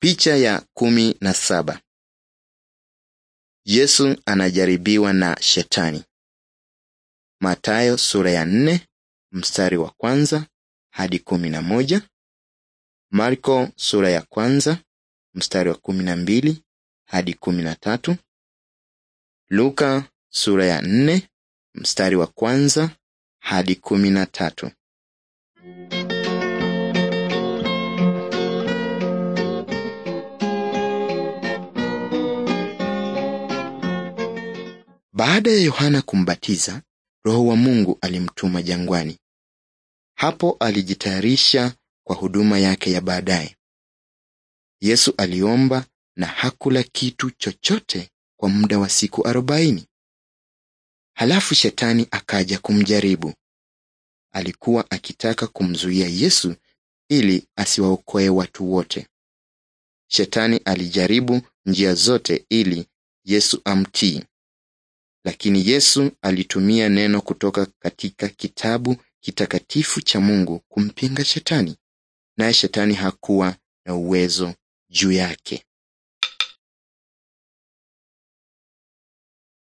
Picha ya kumi na saba. Yesu anajaribiwa na Shetani. Matayo sura ya nne mstari wa kwanza hadi kumi na moja. Marko sura ya kwanza mstari wa kumi na mbili hadi kumi na tatu. Luka sura ya nne mstari wa kwanza hadi kumi na tatu. Baada ya Yohana kumbatiza, Roho wa Mungu alimtuma jangwani. Hapo alijitayarisha kwa huduma yake ya baadaye. Yesu aliomba na hakula kitu chochote kwa muda wa siku arobaini. Halafu shetani akaja kumjaribu. Alikuwa akitaka kumzuia Yesu ili asiwaokoe watu wote. Shetani alijaribu njia zote ili Yesu amtii. Lakini Yesu alitumia neno kutoka katika kitabu kitakatifu cha Mungu kumpinga Shetani, naye Shetani hakuwa na uwezo juu yake.